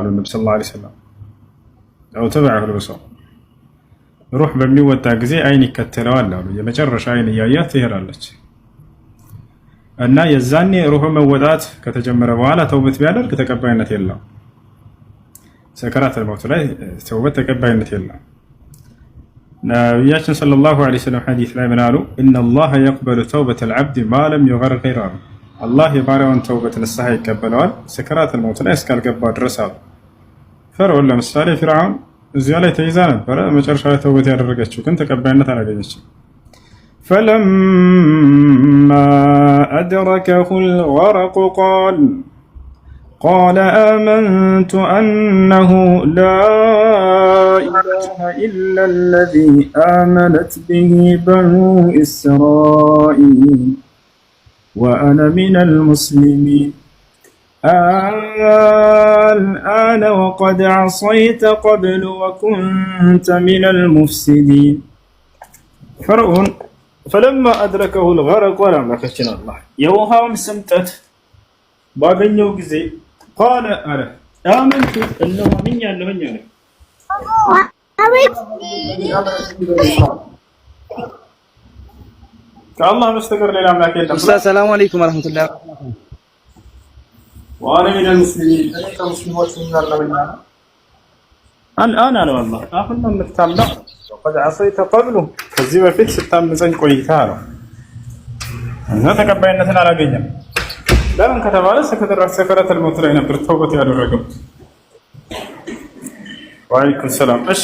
አሉ ነቢ ስለ ላ ሰለም ተበዐሁ ልብሰው ሩህ በሚወጣ ጊዜ አይን ይከተለዋል አሉ። የመጨረሻ አይን እያያት ትሄዳለች እና የዛኔ ሩህ መወጣት ከተጀመረ በኋላ ተውበት ቢያደርግ ተቀባይነት የለም። ሰከራት ልመውት ላይ ተውበት ተቀባይነት የለም። ነቢያችን ሰለላሁ ዐለይሂ ወሰለም ሐዲስ ላይ ምን አሉ? ኢነላሀ የቅበሉ ተውበት ልዓብድ ማለም ዩቀር ገይራ አላህ የባሪያውን ተውበት ንስሐ ይቀበለዋል ሰከራት ልመውት ላይ እስካልገባ ድረስ አሉ። ፈርዖን ለምሳሌ ፊርዓውን እዚያ ላይ ተይዛ ነበረ። መጨረሻ ላይ ተውበት ያደረገችው ግን ተቀባይነት አላገኘችም። ፈለማ አድረከሁ ልገረቁ ቃል ቃለ አመንቱ አነሁ ላ ኢላሃ ኢላ ለዚ አመነት ብሂ በኑ እስራኢል ወአነ ሚነል ሙስሊሚን الآن وقد عصيت قبل وكنت من المفسدين فرعون فلما أدركه الغرق ولا مكتنا الله يوهام سمتت باقي يوكزي قال أنا آمنت أنه مني أنه أنا ከአላህ በስተቀር ሌላ አምላክ የለም። ሰላሙ አለይኩም ወረሕመቱላህ ዋነ ሚነል አላህ አሁን ነው የምታምነው። ወቀድ ዐሰይተ ቀብሉ ከዚህ በፊት ስታምፀኝ ቆይታ ነው እና ተቀባይነትን አላገኘም። ለምን ከተባለ ሰከረተል መውት ላይ ነበር ተውበት ያደረገው። ወአለይኩም ሰላም። እሺ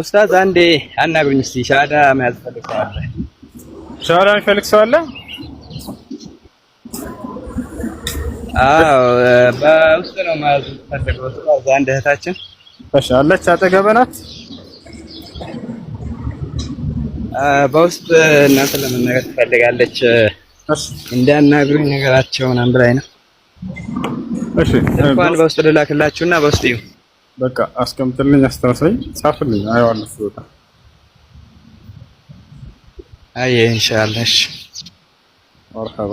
ኡስታዝ አንዴ አናግሩኝ እስኪ ሻዳ መያዝ ፈልግ ሰው አለ ሻዳ የሚፈልግ ሰው አለ በውስጥ ነው ማለት ፈልገው አንድ እህታችን እሺ፣ አለች አጠገበህ በውስጥ እናንተ ለመናገር ትፈልጋለች እንዳናግሩኝ ነገራቸው ምናምን ብላኝ ነው። እሺ፣ እንኳን በውስጥ ልላክላችሁና በውስጥ እዩ። በቃ አስቀምጥልኝ፣ አስተረሰኝ፣ ጻፍልኝ፣ አየዋለሁ ወጣ አይ ኢንሻአላህ መርሐባ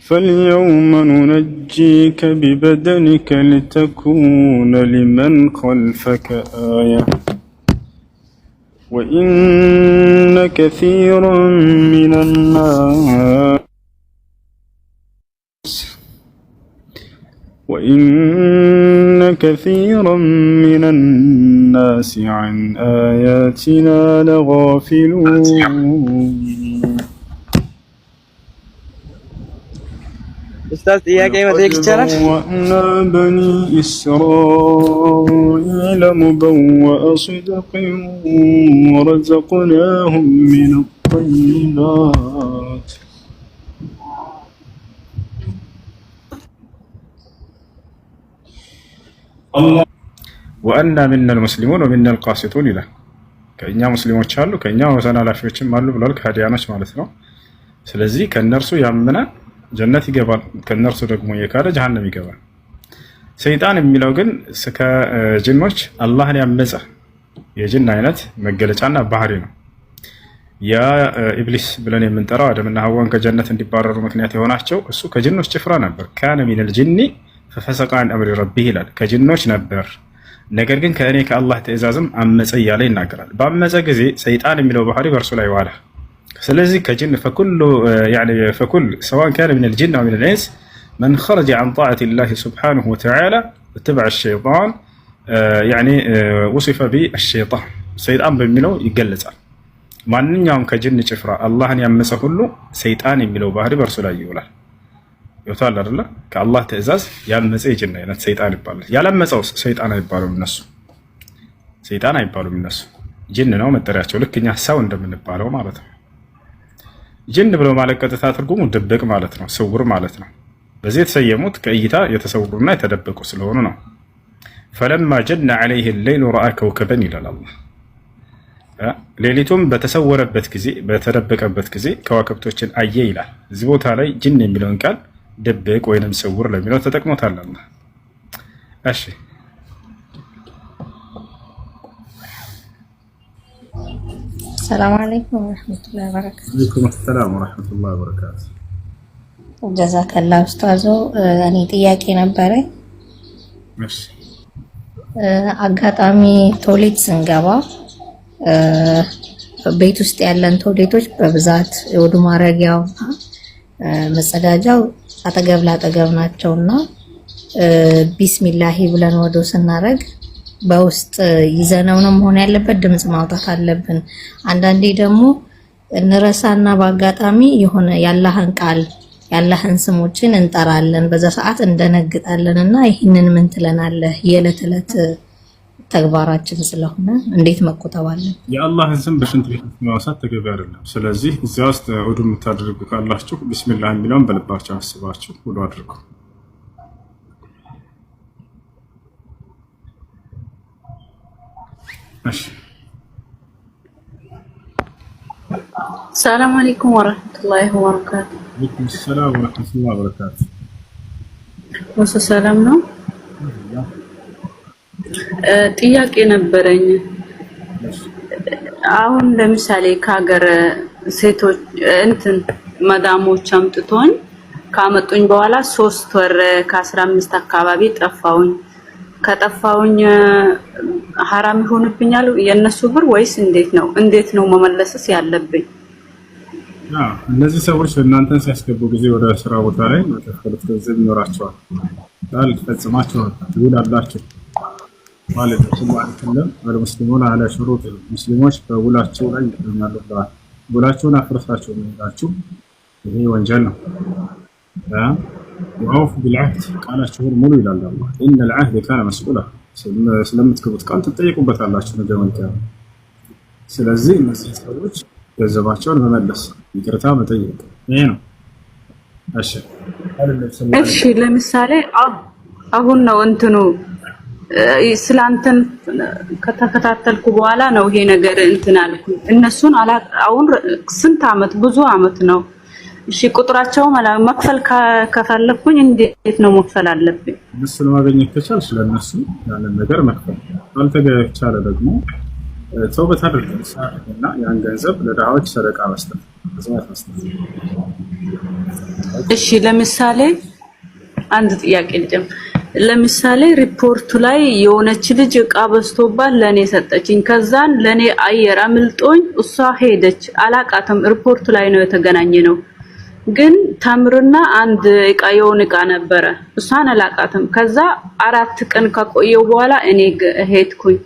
فاليوم ننجيك ببدنك لتكون لمن خلفك آية وإن كثيرا من الناس وإن كثيرا من الناس عن آياتنا لغافلون أستاذ بني إسرائيل مبوأ صدق ورزقناهم من الطيبات ወአና ሚነል ሙስሊሙን ወሚነል ቃሲጡን ይላል። ከእኛ ሙስሊሞች አሉ ከእኛ መሰናላፊዎችም አሉ ብሏል፣ ከሃዲያኖች ማለት ነው። ስለዚህ ከእነርሱ ያመነ ጀነት ይገባል፣ ከእነርሱ ደግሞ የካደ ጀሃነም ይገባል። ሰይጣን የሚለው ግን ከጅኖች አላህን ያመፀ የጅን አይነት መገለጫና ባህሪ ነው። ያ ኢብሊስ ብለን የምንጠራው አደምና ሀዋን ከጀነት እንዲባረሩ ምክንያት የሆናቸው እሱ ከጅኖች ጭፍራ ነበር። ካነ ሚነል ጅኒ ፈፈሰቀ አን አምሪ ረቢህ ይላል። ከጅኖች ነበር፣ ነገር ግን ከእኔ ከአላህ ትእዛዝም አመፀ እያለ ይናገራል። በአመፀ ጊዜ ሰይጣን የሚለው ባህሪ በእርሱ ላይ ዋለ። ስለዚህ ከጅን ፈኩል ሰዋን ካነ ምን ልጅን ምን ልኢንስ መን ኸረጀ አን ጣዓት ላህ ስብሓንሁ ወተዓላ እትባዕ ሸይጣን ውሲፈ ቢአሸይጣን ሰይጣን በሚለው ይገለጻል። ማንኛውም ከጅን ጭፍራ አላህን ያመፀ ሁሉ ሰይጣን የሚለው ባህሪ በእርሱ ላይ ይውላል። ይወታል አይደለ? ከአላህ ትእዛዝ ያልመፀ የጅን አይነት ሰይጣን ይባላል። ያላመፀው ሰይጣን አይባሉም እነሱ ሰይጣን አይባሉም እነሱ ጅን ነው መጠሪያቸው። ልክ እኛ ሰው እንደምንባለው ማለት ነው። ጅን ብሎ ማለት ቀጥታ ትርጉሙ ድብቅ ማለት ነው፣ ስውር ማለት ነው። በዚህ የተሰየሙት ከእይታ የተሰውሩና የተደበቁ ስለሆኑ ነው። ፈለማ ጀነ ዐለይህ ሌይሉ ረአ ከውከበን ይላል አላህ። ሌሊቱም በተሰወረበት ጊዜ በተደበቀበት ጊዜ ከዋክብቶችን አየ ይላል። እዚህ ቦታ ላይ ጅን የሚለውን ቃል ድብቅ ወይንም ስውር ለሚለው ተጠቅሞታል። እሺ ሰላም አለይኩም ወረሕመቱላሂ ወበረካቱ። ወአለይኩም ሰላም ጀዛከላ ኡስታዞ፣ እኔ ጥያቄ ነበረ አጋጣሚ ቶሌት ስንገባ ቤት ውስጥ ያለን ቶሌቶች በብዛት የወዱ ማረጊያው መጸዳጃው አጠገብ ላጠገብ ናቸውና ቢስሚላሂ ብለን ወዶ ስናደርግ በውስጥ ይዘነው ነው መሆን ያለበት፣ ድምጽ ማውጣት አለብን። አንዳንዴ ደግሞ እንረሳና በአጋጣሚ የሆነ ያላህን ቃል ያላህን ስሞችን እንጠራለን። በዛ ሰዓት እንደነግጣለን እና ይህንን ምን ትለናለህ የዕለት ዕለት ተግባራችን ስለሆነ እንዴት መቆጠብ አለን? የአላህን ስም በሽንት ቤት ማውሳት ተገቢ አይደለም። ስለዚህ እዚያ ውስጥ ውዱ የምታደርጉ ካላችሁ ቢስሚላህ የሚለውን በልባቸው አስባችሁ ኡዱ አድርጉ። ሰላም አለይኩም ወረህመቱላሂ ወበረካቱ። ሰላም ወረህመቱላሂ ወበረካቱ። ሰላም ነው ጥያቄ ነበረኝ። አሁን ለምሳሌ ከሀገር ሴቶች እንትን መዳሞች አምጥቶኝ ካመጡኝ በኋላ ሶስት ወር ከአስራ አምስት አካባቢ ጠፋውኝ። ከጠፋውኝ ሀራም ይሆንብኛል የእነሱ ብር ወይስ እንዴት ነው? እንዴት ነው መመለስስ ያለብኝ? እነዚህ ሰዎች እናንተን ሲያስገቡ ጊዜ ወደ ስራ ቦታ ላይ መከፈሉት ገንዘብ ይኖራቸዋል። ቃል ፈጽማችኋል፣ ውል አላችሁ ማለት ነው። አልሙስሊሙን አላ ሹሩጥ ሙስሊሞች በውላቸው ላይ ይገኛሉ ብለዋል። ውላቸውን አፍርሳቸው መሄዳችሁ ይሄ ወንጀል ነው። ወአውፉ ቢልዐህድ ቃላችሁን ሙሉ ይላል አላህ። ኢነል ዐህደ ካነ መስኡላ ስለምትገቡት ቃል ትጠየቁበታላችሁ ነገ መልካም። ስለዚህ እነዚህ ሰዎች ገንዘባቸውን መመለስ፣ ይቅርታ መጠየቅ ይሄ ነው። እሺ ለምሳሌ አሁን ነው እንትኑ ስላንተን ከተከታተልኩ በኋላ ነው ይሄ ነገር እንትን አልኩኝ። እነሱን አሁን ስንት አመት ብዙ አመት ነው። እሺ ቁጥራቸው መክፈል ከፈለኩኝ እንዴት ነው መክፈል አለብኝ? እነሱን ማገኘት ከቻል ስለነሱ ያንን ነገር መክፈል ካልተቻለ ደግሞ ሰው አድርገን እና ያን ገንዘብ ለድሃዎች ሰደቃ መስጠት መስጠት መስጠት። እሺ ለምሳሌ አንድ ጥያቄ ልጀምር ለምሳሌ ሪፖርቱ ላይ የሆነች ልጅ እቃ በዝቶባት ለኔ ሰጠችኝ። ከዛን ለኔ አየር አምልጦኝ እሷ ሄደች፣ አላቃትም። ሪፖርቱ ላይ ነው የተገናኘ ነው። ግን ተምርና አንድ እቃ የሆነ እቃ ነበረ፣ እሷን አላቃትም። ከዛ አራት ቀን ከቆየው በኋላ እኔ ሄድኩኝ።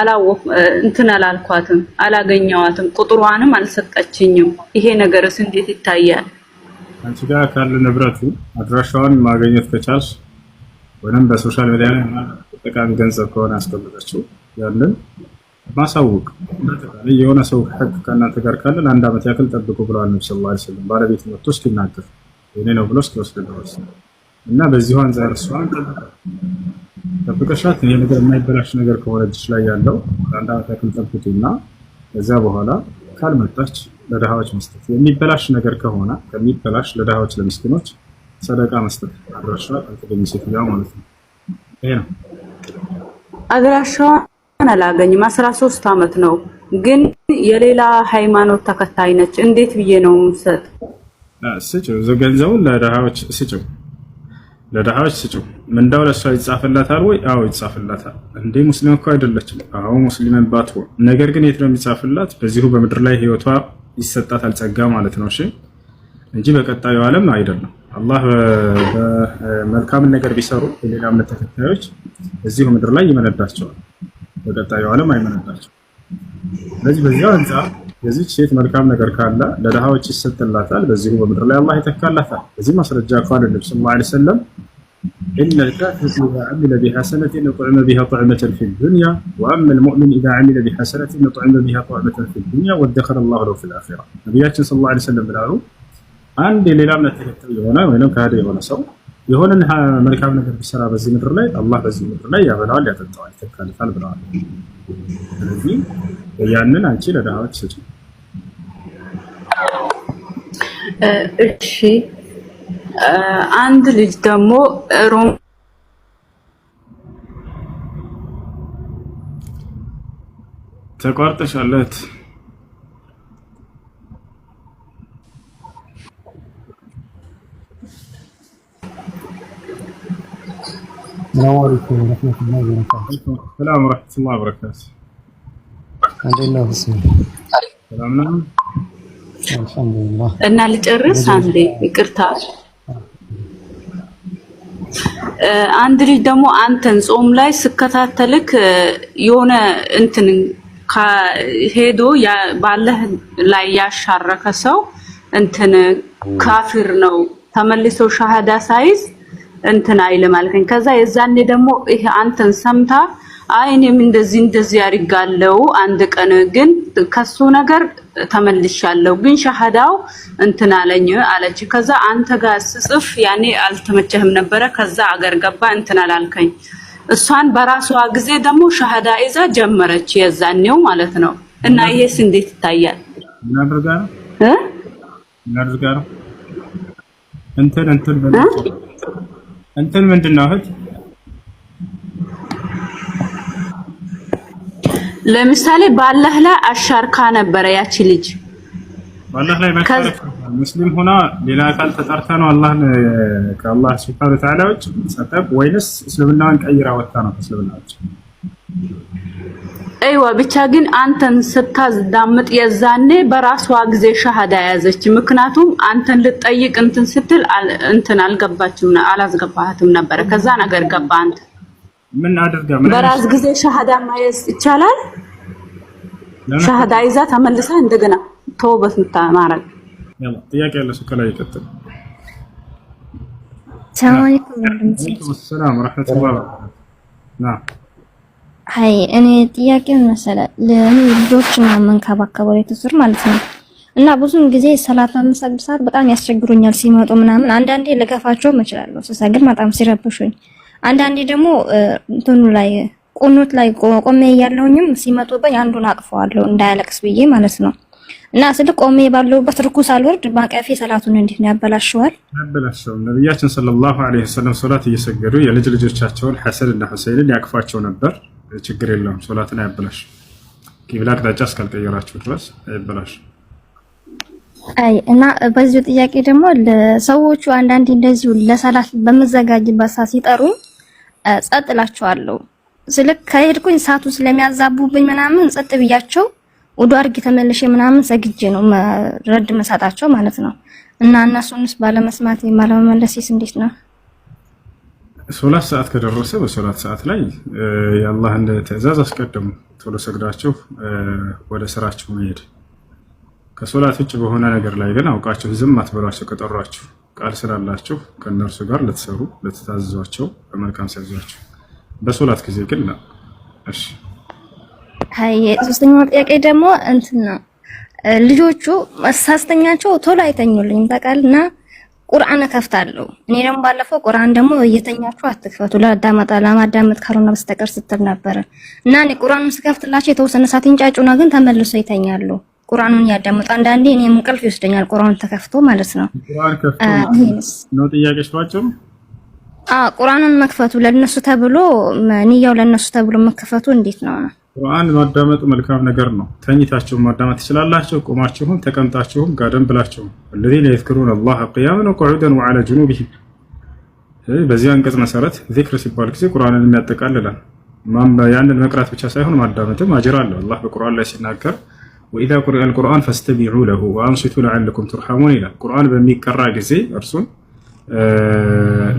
አላወቅ እንትን አላልኳትም፣ አላገኘዋትም፣ ቁጥሯንም አልሰጠችኝም። ይሄ ነገርስ እንዴት ይታያል? አንቺ ጋር ካለ ንብረቱ አድራሻዋን ማግኘት ከቻልሽ ወይም በሶሻል ሚዲያ ላይ ጠቃሚ ገንዘብ ከሆነ ያስቀምጠችው ያንን ማሳወቅ በአጠቃላይ የሆነ ሰው ህግ ከእናንተ ጋር ካለ ለአንድ ዓመት ያክል ጠብቁ ብለዋል ነብዩ ሰለላሁ ዐለይሂ ወሰለም ባለቤት መጥቶ እስኪናገር የኔ ነው ብሎ እስኪወስድ ድረስ እና በዚሁ አንጻር እሷን ጠብቀሻት ይህ ነገር የማይበላሽ ነገር ከሆነ እጅሽ ላይ ያለው ለአንድ ዓመት ያክል ጠብቁ እና ከዚያ በኋላ ካልመጣች ለድሃዎች መስጠት የሚበላሽ ነገር ከሆነ ከሚበላሽ ለድሃዎች ለምስኪኖች ሰደቃ መስጠት አድራሻ አልተገኘ ሴትዮዋ ማለት ነው። ይሄ ነው አድራሻዋን አላገኝም። አስራ ሶስት አመት ነው ግን የሌላ ሃይማኖት ተከታይ ነች። እንዴት ብዬ ነው የምሰጥ? ስጭው፣ ገንዘቡን ለድሃዎች ስጭው፣ ለድሃዎች ስጭው። ምንዳው ለእሷ ይጻፍላታል ወይ? አዎ ይጻፍላታል። እንዴ ሙስሊም እኮ አይደለችም። አዎ ሙስሊም ባትሆን ነገር ግን የት ነው የሚጻፍላት? በዚሁ በምድር ላይ ህይወቷ ይሰጣታል ጸጋ ማለት ነው። እሺ እንጂ በቀጣዩ ዓለም አይደለም። አላህ መልካምን ነገር ቢሰሩ የሌላ እምነት ተከታዮች እዚሁ ምድር ላይ ይመነዳቸዋል፣ በቀጣዩ ዓለም አይመነዳቸውም። ስለዚህ በዚያው አንጻር የዚች ሴት መልካም ነገር ካለ ለድሃዎች ይሰጥላታል፣ በዚሁ በምድር ላይ አላህ ይተካላታል። በዚህ ማስረጃ ቃል ነቢ ስ ላ ሰለም إن الكافر إذا عمل بحسنة أطعم بها طعمة في الدنيا وأما المؤمن إذا عمل بحسنة أطعم بها طعمة في الدنيا وادخر الله له في الآخرة نبياتنا صلى الله عليه وسلم بالعروف አንድ የሌላ እምነት ተከታይ የሆነ ወይም ከሃዲ የሆነ ሰው የሆነን መልካም ነገር ቢሰራ በዚህ ምድር ላይ አላህ በዚህ ምድር ላይ ያበላዋል፣ ያጠጣዋል፣ ይተካልፋል ብለዋል። ስለዚህ ያንን አንቺ ለድሃዎች ስጪ። እሺ፣ አንድ ልጅ ደግሞ ሮም ተቋርጠሻለት ነዋሪኩም ረመቱላ በረካቱ ሰላም ረመቱላ በረካቱ። እንዴት ነው? ሰላም ነው እና ልጨርስ አንዴ ይቅርታ። አንድ ልጅ ደግሞ አንተን ጾም ላይ ስከታተልክ የሆነ እንትን ሄዶ ባለህ ላይ ያሻረከ ሰው እንትን ካፊር ነው ተመልሶ ሻሃዳ ሳይዝ እንትን አይልም አልከኝ። ከዛ የዛኔ ደግሞ ይሄ አንተን ሰምታ አይ እኔም እንደዚህ እንደዚህ ያርጋለው አንድ ቀን ግን ከሱ ነገር ተመልሻለሁ፣ ግን ሻሃዳው እንትን አለኝ አለች። ከዛ አንተ ጋር ስጽፍ ያኔ አልተመቸህም ነበረ። ከዛ አገር ገባ እንትን አላልከኝ። እሷን በራሷ ጊዜ ደግሞ ሻሃዳ ይዛ ጀመረች፣ የዛኔው ማለት ነው። እና ይሄስ እንዴት ይታያል? እንትን እንትን እንትን ምንድን ነው እህት ለምሳሌ ባላህ ላይ አሻርካ ነበረ ያቺ ልጅ ባላህ ላይ ሙስሊም ሆና ሌላ አካል ተጠርታ ነው አላህ ከአላህ ሱብሃነሁ ወተዓላ ውጭ ሰጠብ ወይንስ እስልምናን ቀይራ ወጣ ነው እስልምና ውጭ እይዋ ብቻ ግን አንተን ስታዝዳምጥ የዛኔ በራሷ ጊዜ ሻሃዳ ያዘች። ምክንያቱም አንተን ልጠይቅ እንትን ስትል እንትን አልገባችም አላስገባህትም ነበረ። ከዛ ነገር ገባ። አንተ ምን አድርጋ በራስ ጊዜ ሻሃዳ ማየስ ይቻላል? ሻሃዳ ይዛ ተመልሳ እንደገና ተውበት ምታማረግ ጥያቄ ያለ ሰው ከላይ ይቀጥል። ሰላም አለይኩም ወራህመቱላህ አይ እኔ ጥያቄውን መሰለ ለኔ ልጆችን መንከባከበው የተሰር ማለት ነው። እና ብዙን ጊዜ ሰላት አምሳግ ሰዓት በጣም ያስቸግሩኛል ሲመጡ ምናምን። አንዳንዴ ልገፋቸውም እችላለሁ ስሰግድ በጣም ሲረብሹኝ፣ አንዳንዴ ደግሞ እንትኑ ላይ ቁኑት ላይ ቆሜ እያለሁኝም ሲመጡብኝ አንዱን አቅፈዋለሁ እንዳያለቅስ ብዬ ማለት ነው። እና ስለ ቆሜ ባለሁበት ርኩ አልወርድ ባቀፌ ሰላቱን እንዴት ነው ያበላሸዋል? ያበላሸው ነብያችን ሰለላሁ ዐለይሂ ወሰለም ሰላት እየሰገዱ የልጅ ልጆቻቸውን ሐሰን እና ሁሴንን ያቅፏቸው ነበር። ችግር የለውም። ሶላትን አይበላሽ ቂብላ አቅጣጫ እስካልቀየራችሁ ድረስ አይበላሽ። አይ እና በዚሁ ጥያቄ ደግሞ ለሰዎቹ አንዳንዴ እንደዚሁ ለሰላት በመዘጋጅበት ሰዓት ሲጠሩኝ ጸጥ እላቸዋለሁ። ስልክ ከሄድኩኝ ሰዓቱ ስለሚያዛቡብኝ ምናምን ጸጥ ብያቸው ወደ አርግ ተመልሼ ምናምን ሰግጄ ነው ረድ መሳጣቸው ማለት ነው። እና እነሱንስ ባለመስማት ባለመመለሴስ እንዴት ነው? ሶላት ሰዓት ከደረሰ በሶላት ሰዓት ላይ የአላህን ትዕዛዝ አስቀድሙ። ቶሎ ሰግዳችሁ ወደ ስራችሁ መሄድ። ከሶላት ውጭ በሆነ ነገር ላይ ግን አውቃችሁ ዝም አትበሏቸው። ከጠሯችሁ ቃል ስላላችሁ ከእነርሱ ጋር ልትሰሩ ልትታዘዟቸው፣ በመልካም ሲያዟቸው። በሶላት ጊዜ ግን ነው። እሺ። ሶስተኛው ጥያቄ ደግሞ እንትን ነው ልጆቹ ሳስተኛቸው ቶሎ አይተኙልኝም ታውቃለህ እና ቁርአን እከፍታለሁ። እኔ ደግሞ ባለፈው ቁርአን ደግሞ እየተኛችሁ አትክፈቱ ለአዳመጣ ለማዳመጥ ካልሆነ በስተቀር ስትል ነበረ እና እኔ ቁርአኑን ስከፍትላቸው የተወሰነ ሰዓት ይንጫጩና ግን ተመልሶ ይተኛሉ። ቁርአኑን ያዳምጡ። አንዳንዴ እኔ እንቅልፍ ይወስደኛል ቁርአኑን ተከፍቶ ማለት ነው። ቁርአኑን መክፈቱ ለነሱ ተብሎ ንያው ለነሱ ተብሎ መከፈቱ እንዴት ነው ነው ቁርአን ማዳመጥ መልካም ነገር ነው። ተኝታችሁም ማዳመጥ ትችላላችሁ፣ ቁማችሁም ተቀምጣችሁም ጋደም ብላችሁም። ወለዚነ የዝክሩነ አላህ ቅያመን ወቁዑደን ወዐላ ጅኑብሂም። በዚህ አንቀጽ መሰረት ዚክር ሲባል ጊዜ ቁርአንን የሚያጠቃልላል። ያንን መቅራት ብቻ ሳይሆን ማዳመጥም አጅር አለው። አላህ በቁርአን ላይ ሲናገር ወኢዛ ቁሪአ አልቁርአን ፈስተሚዑ ለሁ ወአንሲቱ ለዐለኩም ቱርሐሙን ይላል። ቁርአን በሚቀራ ጊዜ እርሱን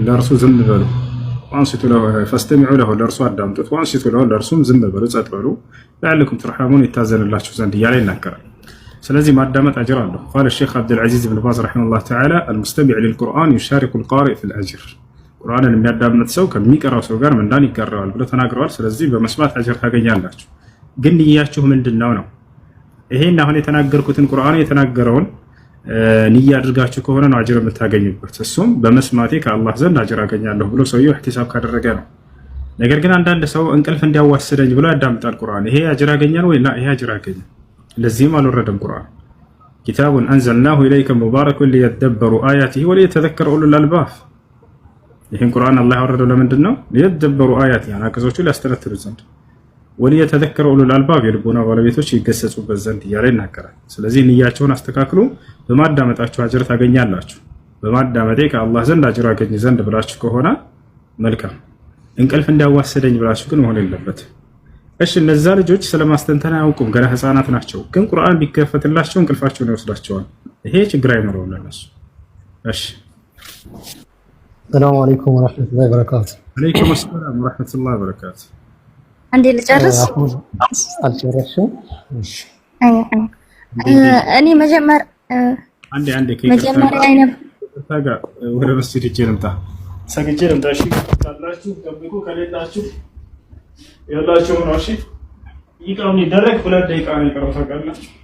ለእርሱ ዝም በሉ وانصتوا له فاستمعوا له الدرس وادامتوا وانصتوا له الدرس زم بلوا صد لعلكم ترحمون يتازن الله شو زندي يالي نكر سلازم ادامت اجر الله قال الشيخ عبد العزيز بن باز رحمه الله تعالى المستمع للقران يشارك القارئ في الاجر قران لم يدام نتسو كم يقرا سو غير من دان يقرا بلوا تناغروا سلازم بمسمات اجر يا يالله جن نياچو مندناو نو ايه نا هون يتناغركوتن قران يتناغرون ንያ አድርጋችሁ ከሆነ ነው አጅር የምታገኙበት። እሱም በመስማቴ ከአላህ ዘንድ አጅር አገኛለሁ ብሎ ሰውየው እህቲሳብ ካደረገ ነው። ነገር ግን አንዳንድ ሰው እንቅልፍ እንዲያዋስደኝ ብሎ ያዳምጣል ቁርአን። ይሄ አጅር ያገኛል ወይ? ላ ይሄ አጅር አገኘ። ለዚህም አልወረደም ቁርአን። ኪታቡን አንዘልናሁ ኢለይከ ሙባረኩን ሊየደበሩ አያቲሂ ወሊየተዘከረ ኡሉል አልባብ። ይህን ቁርአን አላህ ያወረደው ለምንድን ነው? ሊየደበሩ አያቲሂ፣ አንቀጾቹ ሊያስተነትሉ ዘንድ የተዘከረ ኡሉል አልባብ የልቦና ባለቤቶች ይገሰጹበት ዘንድ እያለ ይናገራል። ስለዚህ ንያቸውን አስተካክሉ። በማዳመጣችሁ አጅር ታገኛላችሁ። በማዳመጤ ከአላህ ዘንድ አጅር አገኝ ዘንድ ብላችሁ ከሆነ መልካም፣ እንቅልፍ እንዲያዋሰደኝ ብላችሁ ግን መሆን የለበት እሺ፣ እነዛ ልጆች ስለማስተንተን አያውቁም፣ ገና ህፃናት ናቸው። ግን ቁርአን ቢከፈትላቸው እንቅልፋቸውን ይወስዳቸዋል። ይሄ ችግር አይኖረውም ለነሱ። እሺ፣ ሰላሙ አለይኩም ወረሕመቱላሂ ወበረካቱ። አለይኩም ሰላም ወረሕመቱላሂ ወበረካቱ አንዴ ልጨርስ እኔ መጀመር አንዴ አንዴ አይነ ታጋ ወደ መስጂድ ሂጅ ልምጣ ሰግጄ ልምጣ። እሺ ካላችሁ ጠብቁ፣ ከሌላችሁ ያላችሁ ነው። እሺ ሁለት ደቂቃ ነው የቀረው ታውቃላችሁ።